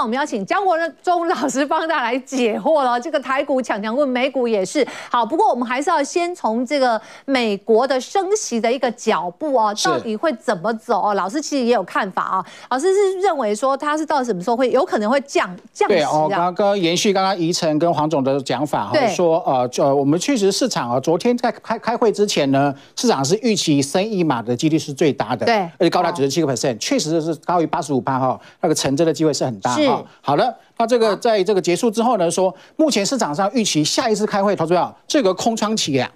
我們要請江國中老師幫大家來解惑了。這個台股強強問美股也是好，不過我們還是要先從這個美國的升息的一個腳步啊，到底會怎麼走？老師其實也有看法啊。老師是認為說，他是到底什麼時候會有可能會降降對，對哦，剛剛延續剛剛貽程跟黃總的講法啊，說呃呃，我們確實市場啊，昨天在開開會之前呢，市場是預期升一碼的幾率是最大的，對，而且高達九十七個 percent，確實是高於八十五趴哈，那個成真的機會是很大。好的，那這個在這個結束之後呢，說目前市場上預期下一次開會，他說要這個空窗期啊，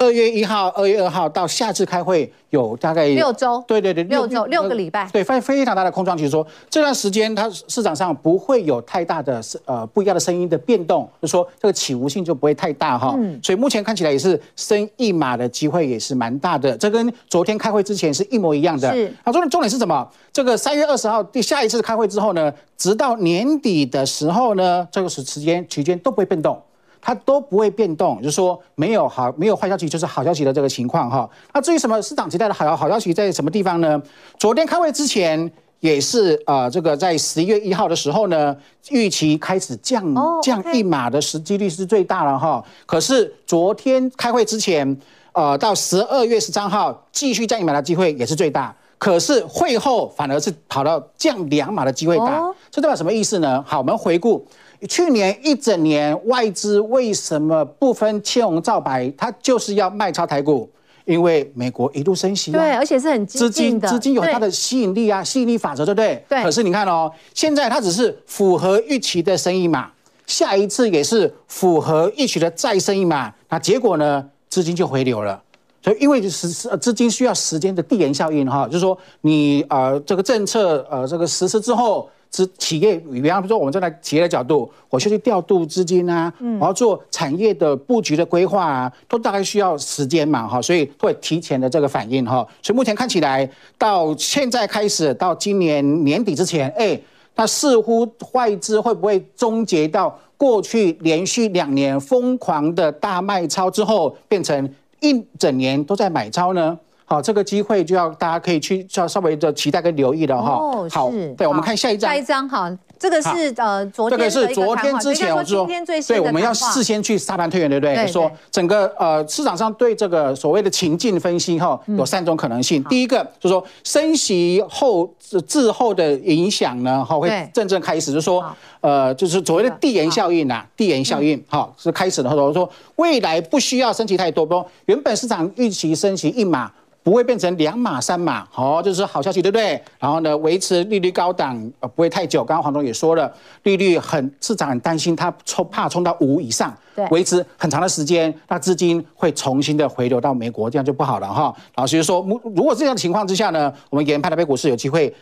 二月一號、二月二號到下次開會有大概六周，對對對，六周六,、呃、六個禮拜，對，發現非常大的空窗期。其實說這段時間它市場上不會有太大的呃不一樣的聲音的變動，就說這個起伏性就不會太大哈。嗯、所以目前看起來也是升一碼的機會也是蠻大的，這跟昨天開會之前是一模一樣的。是，那、啊、重點重點是什麼？這個三月二十號第下一次開會之後呢，直到年底的時候呢，這個時時間期間都不會變動。它都不會變動，就是說沒有好沒有壞消息，就是好消息的這個情況哈、哦。那至於什麼市場期待的好好消息在什麼地方呢？昨天開會之前也是呃，這個在十一月一號的時候呢，預期開始降降一碼的時機率是最大了哈、哦。Oh, okay. 可是昨天開會之前，呃，到十二月十三號繼續降一碼的機會也是最大，可是會後反而是跑到降兩碼的機會大，oh. 這代表什麼意思呢？好，我們回顧。去年一整年，外資為什麼不分青紅皂白，它就是要賣超台股？因為美國一度升息，對，而且是很激進的資金，資金有它的吸引力啊，吸引力法則，對不對？對。可是你看哦、喔，現在它只是符合預期的生意嘛，下一次也是符合預期的再生意嘛，那結果呢，資金就回流了。所以因為是資金需要時間的遞延效應哈，就是說你呃這個政策呃這個實施之後。資企業，比方說我們站在企業的角度，我就去調度資金啊，然後、嗯嗯、做產業的布局的規劃啊，都大概需要時間嘛，哈，所以會提前的這個反應，哈，所以目前看起來，到現在開始到今年年底之前，哎，那似乎外資會不會終結到過去連續兩年瘋狂的大賣超之後，變成一整年都在買超呢？好，這個機會就要大家可以去，要稍微的期待跟留意了哈。哦，是。對，我們看下一張。下一張好，這個是呃昨天。這個是昨天之前，我說對，我們要事先去沙盤推演，對不對？對對 說整個呃市場上對這個所謂的情境分析哈，有三種可能性。嗯、第一個就是說升息後滯後的影響呢，哈會真正，正開始，就是說呃就是所謂的遞延效應吶、啊，遞延效應好、嗯嗯、是開始了。我說未來不需要升息太多，不原本市場預期升息一碼。不會變成兩碼三碼，好、哦，就是好消息，對不對？然後呢，維持利率高檔，呃，不會太久。剛剛黃總也說了，利率很市場很擔心，它衝怕衝到五以上，對，維持很長的時間，那資金會重新的回流到美國，這樣就不好了哈、哦。老實說，如果這樣的情況之下呢，我們研判台北股市有機會。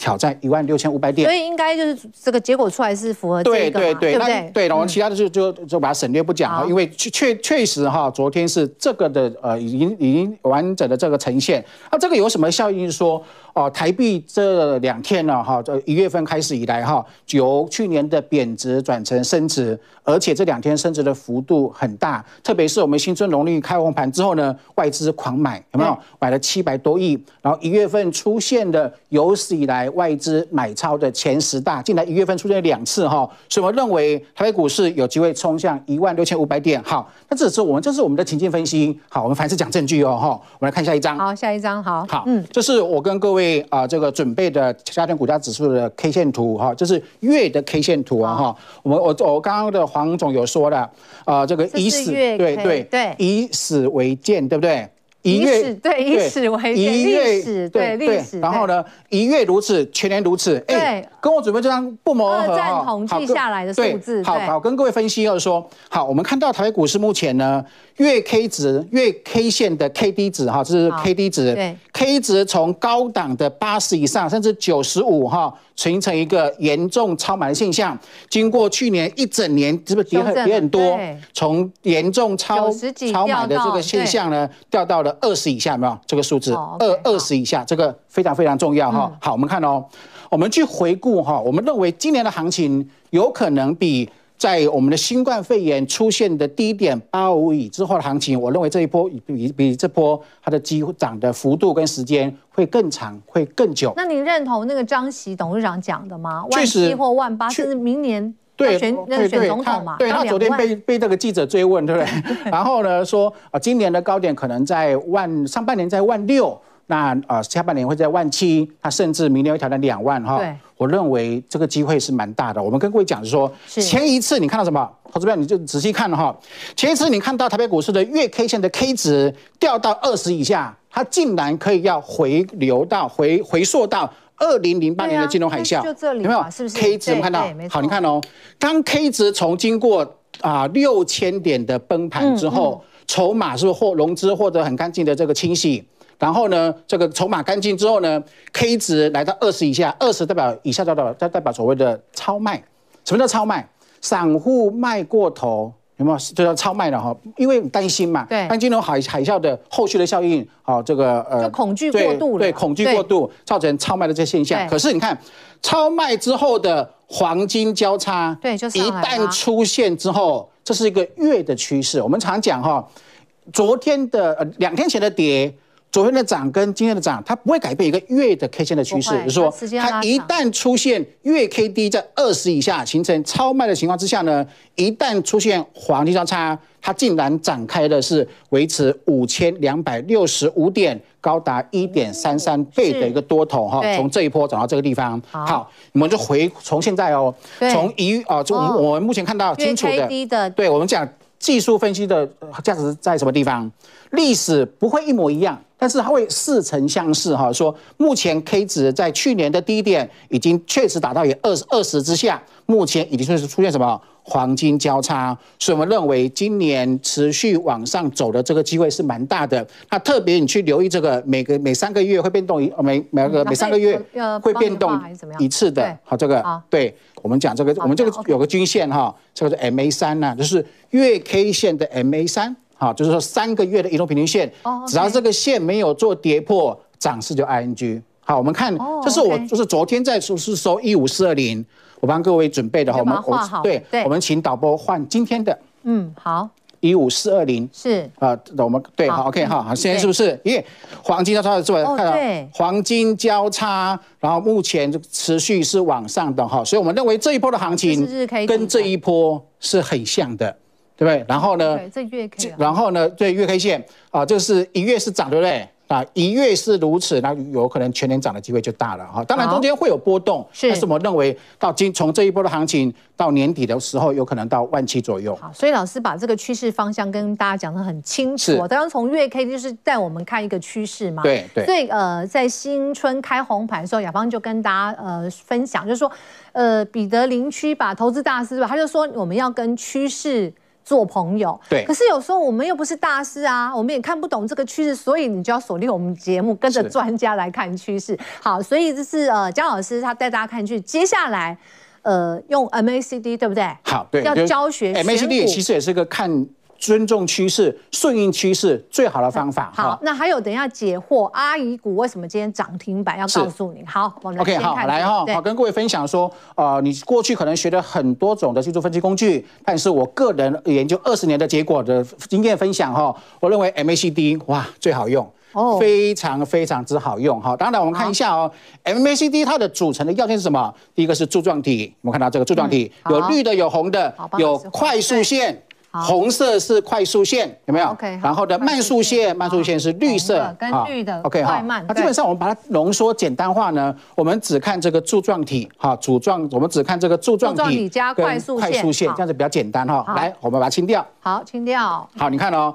挑戰一萬六千五百點，所以應該就是這個結果出來是符合這個嘛？對對對,對,對，那對，然後其他的就就就把它省略不講啊，因為確確確實哈、哦，昨天是這個的呃，已經已經完整的這個呈現、啊。那這個有什麼效應說？哦，台幣這兩天了哈，這一月份開始以來哈、啊，由去年的貶值轉成升值，而且這兩天升值的幅度很大，特別是我們新春農曆開紅盤之後呢，外資狂買，有沒有？買了七百多億，然後一月份出現的有史以來。外資買超的前十大，近來一月份出現了兩次哈，所以我認為台北股市有機會衝向一萬六千五百點。好，那這次是我們這是我們的情境分析。好，我們凡事講證據哦、喔、哈。我們來看下一張。好，下一張。好，好，嗯，這是我跟各位啊、呃、這個準備的加權股價指數的 K 線圖哈，這、呃就是月的 K 線圖啊哈、呃。我們我我剛剛的黃總有說了啊、呃，這個以史以對對對以史為鑑，對不對？一月對，以史為鑑，月史對歷史。然後呢，一月如此，全年如此。對，跟我準備這張不謀而合啊。統計下來的數字，好好跟各位分析要說好，我們看到台北股市目前呢，月 K 值，月 K 線的 K D 值哈，這是 K D 值，K 值從高檔的八十以上，甚至九十五哈，形成一個嚴重超買的現象。經過去年一整年，是不是跌很跌很多？從嚴重超超買的這個現象呢，掉到了。二十以下有沒有這個數字？二二十以下好這個非常非常重要哈。嗯、好，我們看哦，我們去回顧哈，我們認為今年的行情有可能比在我們的新冠肺炎出現的低點八五億之後的行情，我認為這一波比比這波它的機會，漲的幅度跟時間會更長，嗯、會更久。那您認同那個張錫董事長講的嗎？萬七或萬八甚至實明年。對，選對他昨天被被這個記者追問，對不對？ (laughs) 然後呢說啊、呃，今年的高點可能在萬，上半年在萬六，那呃下半年會在萬七，他甚至明年會挑戰兩萬哈。哦、對，我認為這個機會是蠻大的。我們跟各位講就是說，是前一次你看到什麼投資標你就仔細看哈、哦。前一次你看到台北股市的月 K 線的 K 值掉到二十以下，它竟然可以要回流到回回溯到。二零零八年的金融海嘯，啊、有沒有？是不是 K 值？我們看到好，你看哦、喔，當 K 值從經過啊六千點的崩盤之後，籌碼、嗯嗯、是不是獲融資獲得很乾淨的這個清洗，然後呢，這個籌碼乾淨之後呢，K 值來到二十以下，二十代表以下代表代表所謂的超賣。什麼叫超賣？散戶賣過頭。有沒有？這叫超賣了哈，因為你擔心嘛。對，擔心金融海海嘯的後續的效應。好，這個呃，就恐懼過度了。對，對恐懼過度造成超賣的這現象。可是你看，超賣之後的黃金交叉，一旦出現之後，這是一個月的趨勢。我們常講哈，昨天的呃，兩天前的跌。昨天的漲跟今天的漲，它不會改變一個月的 K 線的趨勢。就是說，它一旦出現月 K D 在二十以下形成超賣的情況之下呢，一旦出現黃金交叉，它竟然展開的是維持五千兩百六十五點，高達一點三三倍的一個多頭哈。從、嗯、這一波走到這個地方，好，我對們就回從現在哦、喔，從一對啊，就我們目前看到清楚的，哦、的對，我們講技術分析的價值在什麼地方？歷對史不會一模一樣。但是它會似曾相識，哈，說，目前 K 值在，去年的低點已經確實達到有二十二十之下，目前已經確實出現什麼黃金交叉，所以我們認為今年持續往上走的這個機會是蠻大的。那特別你去留意這個，每個每三個月會變動一每每個每三個月會變動一次的，好、嗯、這個、啊、對我們講這個，我們這個有個均線哈，好這個是 MA 三吶、啊，OK 就是月 K 線的 MA 三。好，就是說三個月的移動平均線，只要這個線沒有做跌破，漲勢就 ING。好，我們看，這是我就是昨天在收是收一五四二零，我幫各位準備的哈，我們對，我們請導播換今天的。嗯，好，一五四二零是啊，我們對，好 OK 哈，好，現在是不是？因為黃金交叉的，是吧？看到黃金交叉，然後目前持續是往上的哈，所以我們認為這一波的行情跟這一波是很像的。對，對，然後呢？對，這月 K，、啊、然後呢？對，月 K 線啊、呃，就是一月是漲，對不對？啊，一月是如此，那有可能全年漲的機會就大了哈、哦。當然中間會有波動，哦、但是我認為到今從這一波的行情到年底的時候，有可能到萬七左右。好，所以老師把這個趨勢方向跟大家講得很清楚、哦。剛是剛從月 K 就是帶我們看一個趨勢嘛。對對。對，所以呃，在新春開紅盤的時候，雅芳就跟大家呃分享，就是說呃彼得林區吧，投資大師吧，他就說我們要跟趨勢，做朋友，對。可是有時候我們又不是大師啊，我們也看不懂這個趨勢，所以你就要鎖定我們節目，跟着專家來看趨勢。是好，所以這是呃江老師他帶大家看去，接下來呃用 MACD 對不對？好，對，要教學。MACD 其實也是個看。尊重趨勢，順應趨勢，最好的方法。嗯、好，哦、那還有等一下解惑，阿姨股為什麼今天漲停板？要告訴你是好，我們來先看一下 okay, 好。來哈，好對、哦，跟各位分享說，呃，你過去可能學了很多種的技術分析工具，但是我個人研究二十年的結果的經驗分享哈、哦，我認為 MACD 哇，最好用，哦、非常非常之好用。好、哦，當然我們看一下哦，哦，MACD 它的組成的要件是什麼？第一個是柱狀體，我們看到這個柱狀體、嗯、有綠的，有紅的，好有快速線。紅色是快速線，有沒有？OK，好。然後的慢速線，慢速線是綠色，跟綠的。OK，好。那基本上我們把它濃縮簡單化呢，我們只看這個柱狀體，哈，柱狀，我們只看這個柱狀體加快速線，快速線，這樣子比較簡單哈。來，我們把它清掉。好，清掉。好，你看哦，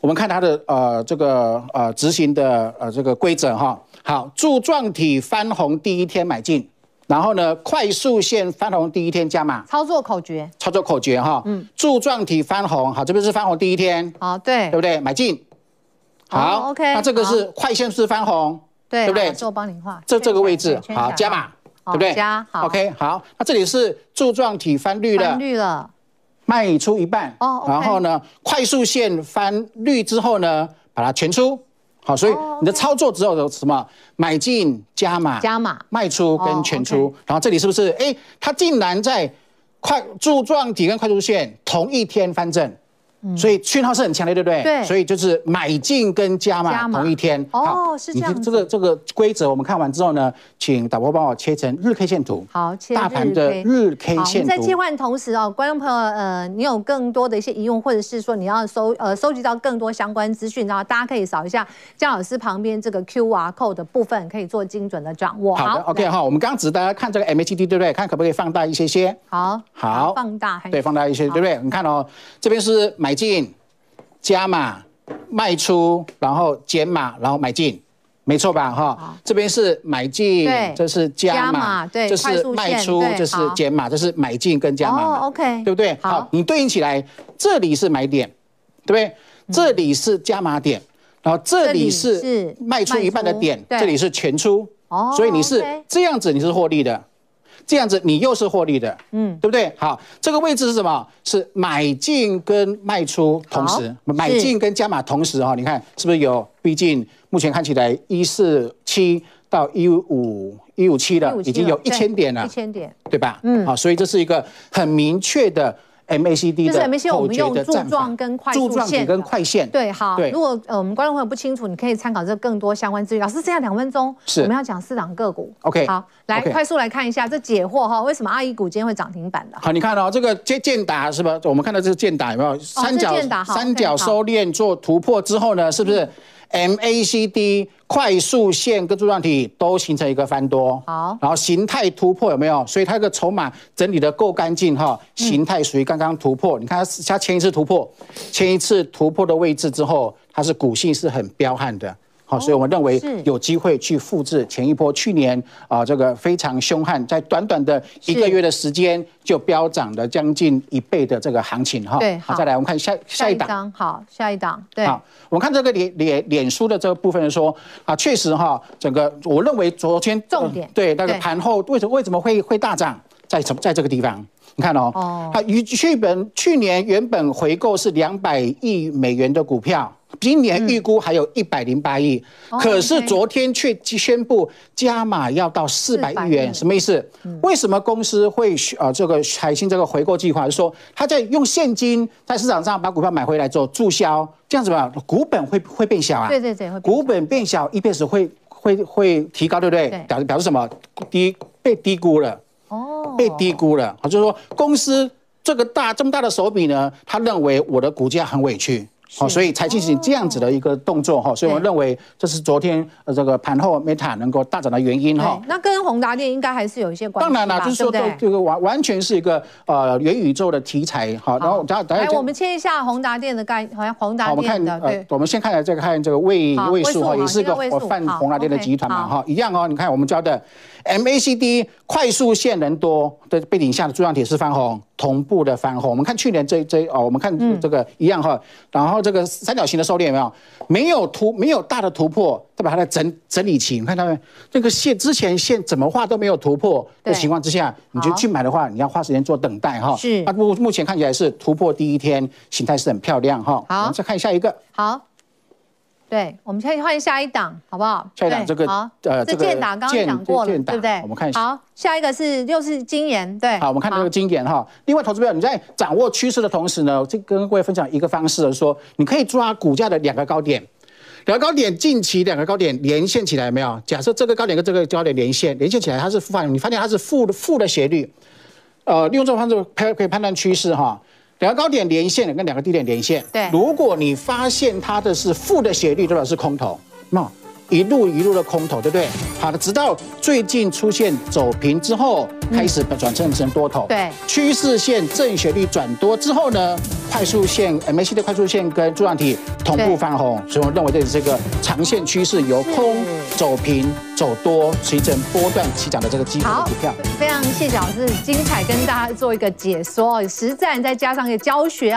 我們看它的呃這個呃執行的呃這個規則哈。好，柱狀體翻紅第一天買進。然後呢，快速線翻紅第一天加碼，操作口訣，操作口訣哈，嗯，柱狀體翻紅，好，這邊是翻紅第一天，好，對，對不對？買進，好，OK，那這個是快線是翻紅，對，對不對？我幫你畫，這這個位置，好，加碼，對不對？加，好，OK，好，那這裡是柱狀體翻綠了，翻綠了，賣出一半，哦，然後呢，快速線翻綠之後呢，把它全出，好，所以你的操作只有什麼？買進、加碼、加碼、賣出跟全出。然後這裡是不是？哎，它竟然在快柱狀體跟快速線同一天翻正。所以訊號是很強烈，對不對？對。所以就是買進跟加碼，同一天。哦，是這樣。這個這個規則我們看完之後呢，請導播幫我切成日 K 線圖。好，切。大盤的日 K 線圖。在切換同時哦，觀眾朋友，呃，你有更多的一些疑問，或者是說你要收呃收集到更多相關資訊，然後大家可以掃一下江老師旁邊這個 QR Code 的部分，可以做精準的掌握。好的，OK 哈，我們剛剛大家看這個 MACD，對不對？看可不可以放大一些些。好。好。放大還是？對，放大一些，對不對？你看哦，這邊是買。買進加碼賣出，然後減碼，然後買進，沒錯吧？哈，這邊是買進，這是加碼，對，這是賣出，這是減碼，這是買進跟加碼，OK，對不對？好，你對應起來，這裡是買點，對不對？這裡是加碼點，然後這裡是賣出一半的點，這裡是全出，哦，所以你是這樣子，你是獲利的。這樣子你又是獲利的，嗯，對不對？好，這個位置是什麼？是買進跟賣出同時，買進跟加碼同時哈、喔。你看是不是有？畢竟目前看起來一四七到一五一五七的，已經有一千點了，一千點對吧？嗯，好，所以這是一個很明確的。MACD 就是 m a c 我們用柱狀跟快速線柱狀線跟快線，對，好。對如果呃我們觀眾朋友不清楚，你可以參考這更多相關資源。老師剩下兩分鐘，是我們要講四檔個股。OK，好，來 okay. 快速來看一下這解惑哈，為什麼阿姨股今天會漲停板的？好，好，你看哦，這個建建達是吧？我們看到這個建達有沒有？建三角、哦、是建打三角收斂、okay, 好做突破之後呢，是不是？嗯 MACD 快速線跟柱狀體都形成一個翻多，好，然後形態突破有沒有？所以它的籌碼整理的夠乾淨哈，形態屬於剛剛突破，嗯、你看它它前一次突破，前一次突破的位置之後，它是股性是很彪悍的。好，所以我們認為有機會去複製前一波去年啊，這個非常凶悍，在短短的一個月的時間就飆漲了將近一倍的這個行情哈。好，好，再來我們看下下一檔，好下一檔，好，我們看這個臉臉臉書的這個部分說啊，確實哈、啊，整個我認為昨天重點對那個盤後為什麼為什麼會會大漲，在什麼在這個地方。你看哦，他去本去年原本回購是兩百億美元的股票，今年預估還有一百零八億，可是昨天卻宣布加碼要到四百億元，什麼意思？為什麼公司會呃，這個海信這個回購計劃，就是說他在用現金在市場上把股票買回來之後註銷，這樣子吧，股本會會變小啊？對對對，股本變小，EPS 會會會提高，對不對？表表示什麼？低被低估了。被低估了，他就說公司這個大這麼大的手筆呢，他認為我的股價很委屈。好，所以才進行這樣子的一個動作哈，所以我們認為這是昨天呃這個盤後 Meta 能夠大漲的原因哈。那跟宏達電應該還是有一些關係，當然了，就是說這個完完全是一個呃元宇宙的題材，好，然後等下等下，來我們切一下宏達電的概，好像宏達電的。好，我們看，我們先看下這個，看這個位位數哈，也是個泛宏達電的集團嘛哈。一樣哦，你看我們教的 MACD 快速線人多的背景下的柱狀鐵是翻紅。同步的翻紅，我們看去年這一這一，哦，我們看這個一樣哈。然後這個三角形的收斂有沒有？沒有突，沒有大的突破，再把它整整理起。你看它們這個線，之前線怎麼畫都沒有突破的情況之下，你就去買的話，你要花時間做等待哈、哦。是，目目前看起來是突破第一天，形態是很漂亮哈、哦。好，我們再看下一個。好。對，我們先換下一檔，好不好？下一檔這個，好呃，這個建打剛剛講過了，對不對？我們看一下。好，下一個是又是金研好對。好，我們看這個金研哈。另外，投資朋友你在掌握趨勢的同時呢，這跟各位分享一個方式，就是說你可以抓股價的兩個高點，兩個高點近期兩個高點連線起來，沒有？假設這個高點跟這個高點連線，連線起來它是負向，你發現它是負的負的斜率，呃，利用這個方式判可以判斷趨勢哈。兩個高點連線跟兩個低點連線，對。如果你發現它的是負的斜率，代表是空頭，那、no.。一路一路的空頭，對不對？好的，直到最近出現走平之後，開始轉成成多頭。嗯、對，趨勢線正斜率轉多之後呢，快速線 MACD 快速線跟柱狀體同步翻紅，對對 所以我們認為這是一個長線趨勢由空走平走多，形成波段起漲的這個機會股票。好 非常謝謝老師精彩跟大家做一個解說，實戰再加上一個教學。